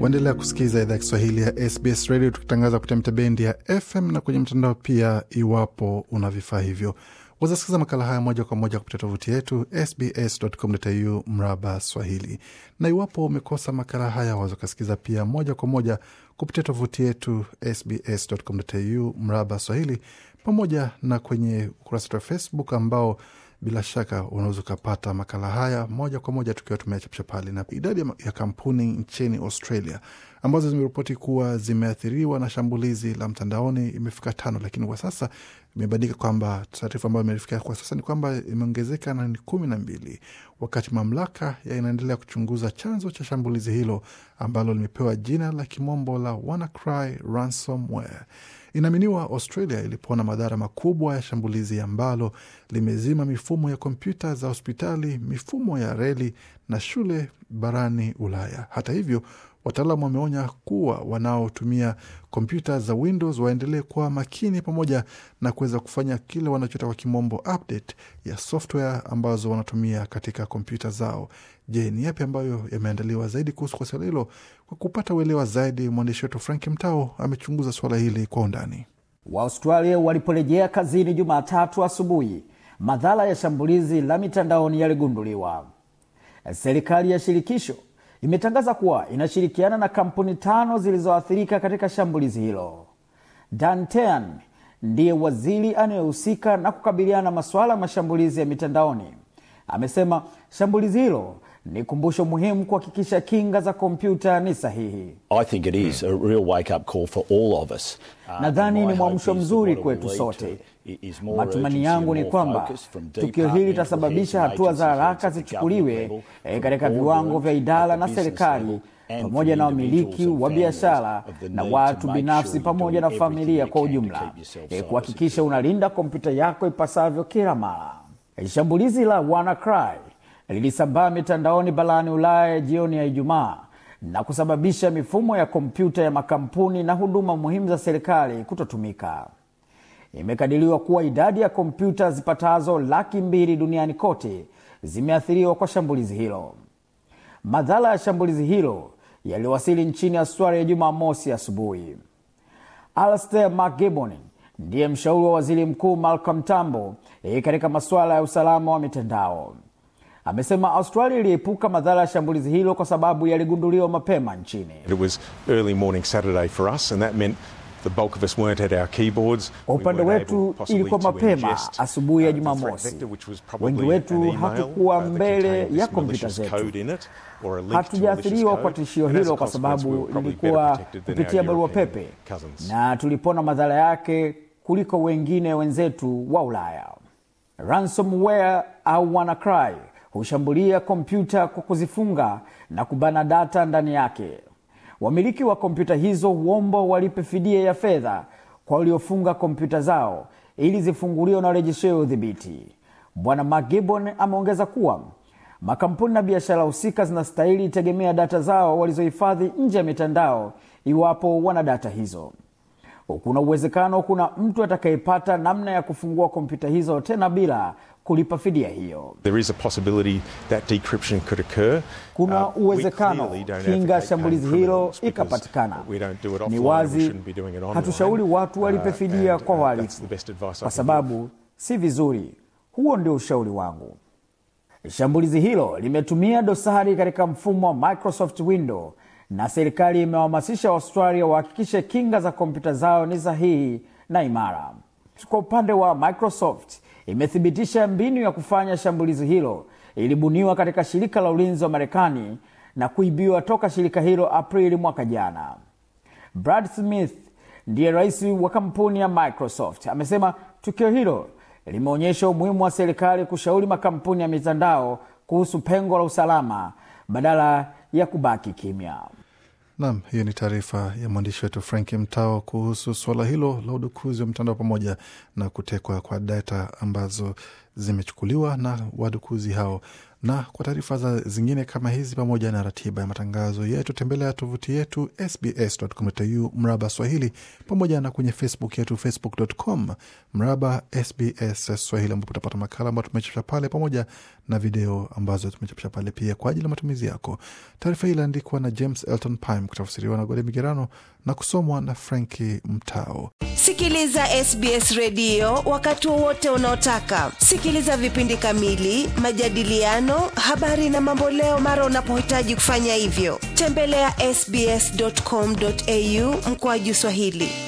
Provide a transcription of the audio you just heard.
Waendelea kusikiza idhaa ya Kiswahili ya SBS Radio, tukitangaza kupitia mitabendi ya FM na kwenye mtandao pia, iwapo una vifaa hivyo. Wazasikiza makala haya moja kwa moja kupitia tovuti yetu sbs.com.au mraba Swahili, na iwapo umekosa makala haya, waweza ukasikiza pia moja kwa moja kupitia tovuti yetu sbs.com.au mraba Swahili, pamoja na kwenye ukurasa wetu wa Facebook ambao bila shaka unaweza ukapata makala haya moja kwa moja tukiwa tumeachapisha pale. Na idadi ya kampuni nchini Australia ambazo zimeripoti kuwa zimeathiriwa na shambulizi la mtandaoni imefika tano, lakini kwa sasa imebadilika kwamba taarifa ambayo imefikia kwa sasa ni kwamba imeongezeka na ni kumi na mbili, wakati mamlaka inaendelea kuchunguza chanzo cha shambulizi hilo ambalo limepewa jina la kimombo la WannaCry ransomware. Inaaminiwa Australia ilipona madhara makubwa ya shambulizi ambalo limezima mifumo ya kompyuta za hospitali, mifumo ya reli na shule barani Ulaya. Hata hivyo, wataalamu wameonya kuwa wanaotumia kompyuta za Windows waendelee kuwa makini pamoja na kuweza kufanya kile wanachoita kwa kimombo update ya software ambazo wanatumia katika kompyuta zao. Je, ni yapi ambayo yameandaliwa zaidi kuhusu kwa suala hilo? Kwa kupata uelewa zaidi, mwandishi wetu Frank Mtao amechunguza suala hili kwa undani. Waaustralia waliporejea kazini Jumatatu asubuhi, madhara ya shambulizi la mitandaoni yaligunduliwa serikali ya shirikisho imetangaza kuwa inashirikiana na kampuni tano zilizoathirika katika shambulizi hilo. Dantean ndiye waziri anayehusika na kukabiliana na masuala ya mashambulizi ya mitandaoni. Amesema shambulizi hilo ni kumbusho muhimu kuhakikisha kinga za kompyuta ni sahihi. Nadhani ni mwamsho mzuri kwetu sote Matumani yangu ni kwamba tukio hili litasababisha hatua za haraka zichukuliwe eh, katika viwango vya idara na serikali pamoja na wamiliki wa biashara na watu binafsi pamoja na familia kwa ujumla, e, kuhakikisha unalinda kompyuta yako ipasavyo kila mara. Shambulizi la WannaCry lilisambaa mitandaoni barani Ulaya jioni ya Ijumaa na kusababisha mifumo ya kompyuta ya makampuni na huduma muhimu za serikali kutotumika imekadiriwa kuwa idadi ya kompyuta zipatazo laki mbili duniani kote zimeathiriwa kwa shambulizi hilo. Madhara ya shambulizi hilo yaliwasili nchini Australia mosi asubuhi. alster mcgibon ndiye mshauri wa waziri mkuu Malcolm hii eh, katika masuala ya usalama wa mitandao amesema Australia iliepuka madhara ya shambulizi hilo kwa sababu yaligunduliwa mapema nchini. It was early morning Saturday for us and that meant kwa upande wetu ilikuwa mapema asubuhi ya uh, Jumamosi. Wengi wetu hatukuwa uh, mbele ya kompyuta zetu. Hatujaathiriwa kwa tishio hilo kwa sababu lilikuwa kupitia barua pepe, na tulipona madhara yake kuliko wengine wenzetu wa Ulaya. Ransomware au WannaCry hushambulia kompyuta kwa kuzifunga na kubana data ndani yake Wamiliki wa kompyuta hizo huomba walipe fidia ya fedha kwa waliofunga kompyuta zao ili zifunguliwe na ya udhibiti. Bwana McGibbon ameongeza kuwa makampuni na biashara husika zinastahili itegemea data zao walizohifadhi nje ya mitandao iwapo wana data hizo. Kuna uwezekano kuna mtu atakayepata namna ya kufungua kompyuta hizo tena bila kulipa fidia hiyo. There is a possibility that decryption could occur. Kuna uh, uwezekano kinga shambulizi hilo ikapatikana. Ni wazi hatushauri watu uh, walipe fidia uh, kwa wahalifu kwa sababu si vizuri. Huo ndio ushauri wangu. Shambulizi hilo limetumia dosari katika mfumo wa Microsoft Windows na serikali imewahamasisha Waustralia wahakikishe kinga za kompyuta zao ni sahihi na imara. Kwa upande wa Microsoft imethibitisha mbinu ya kufanya shambulizi hilo ilibuniwa katika shirika la ulinzi wa Marekani na kuibiwa toka shirika hilo Aprili mwaka jana. Brad Smith ndiye rais wa kampuni ya Microsoft amesema tukio hilo limeonyesha umuhimu wa serikali kushauri makampuni ya mitandao kuhusu pengo la usalama badala ya kubaki kimya nam hiyo ni taarifa ya mwandishi wetu Frank Mtao kuhusu suala hilo la udukuzi wa mtandao pamoja na kutekwa kwa data ambazo zimechukuliwa na wadukuzi hao. Na kwa taarifa za zingine kama hizi pamoja na ratiba ya matangazo yetu tembelea tovuti yetu sbs.com.au mraba Swahili, pamoja na kwenye Facebook yetu facebook.com mraba SBS Swahili, ambapo utapata makala ambayo tumechapisha pale pamoja na video ambazo tumechapisha pale pia kwa ajili ya matumizi yako. Taarifa hii iliandikwa na James Elton Pim, kutafsiriwa na Gode Migerano na kusomwa na Franki Mtao. Sikiliza SBS redio wakati wowote unaotaka. Sikiliza sikiliza vipindi kamili, majadiliano, habari na mamboleo mara unapohitaji kufanya hivyo. Tembelea sbs.com.au mkoaju Swahili.